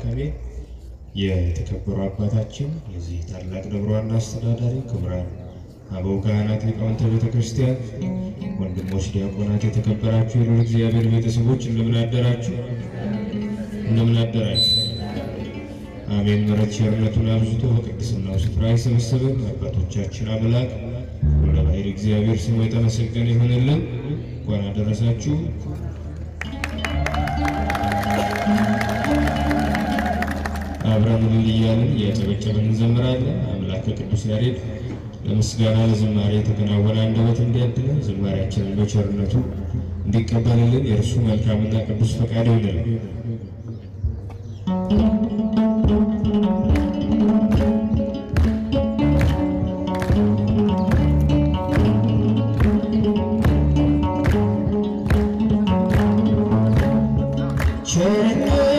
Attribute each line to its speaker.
Speaker 1: አካባቢ የተከበሩ አባታችን የዚህ ታላቅ ደብር ዋና አስተዳዳሪ ክቡራን አበው ካህናት፣ ሊቃውንተ ቤተክርስቲያን፣ ወንድሞች ዲያቆናት፣ የተከበራችሁ የልዑል እግዚአብሔር ቤተሰቦች እንደምን አደራችሁ? እንደምን አደራችሁ? አሜን። ምሕረት ቸርነቱን አብዝቶ በቅድስናው ስፍራ የሰበሰበን አባቶቻችን አምላክ ወደ ባሕርይ እግዚአብሔር ስሙ የተመሰገነ ይሆንልን። እንኳን አደረሳችሁ። አብረን ምን እያልን እያጨበጨብን እንዘምራለን። አምላክ ቅዱስ ያሬድ ለምስጋና ለዝማሬ የተከናወነ አንደበት እንዲያድለን ዝማሬያችንን በቸርነቱ እንዲቀበልልን የእርሱ መልካምና ቅዱስ ፈቃድ ይሆንልን።
Speaker 2: ቸርነት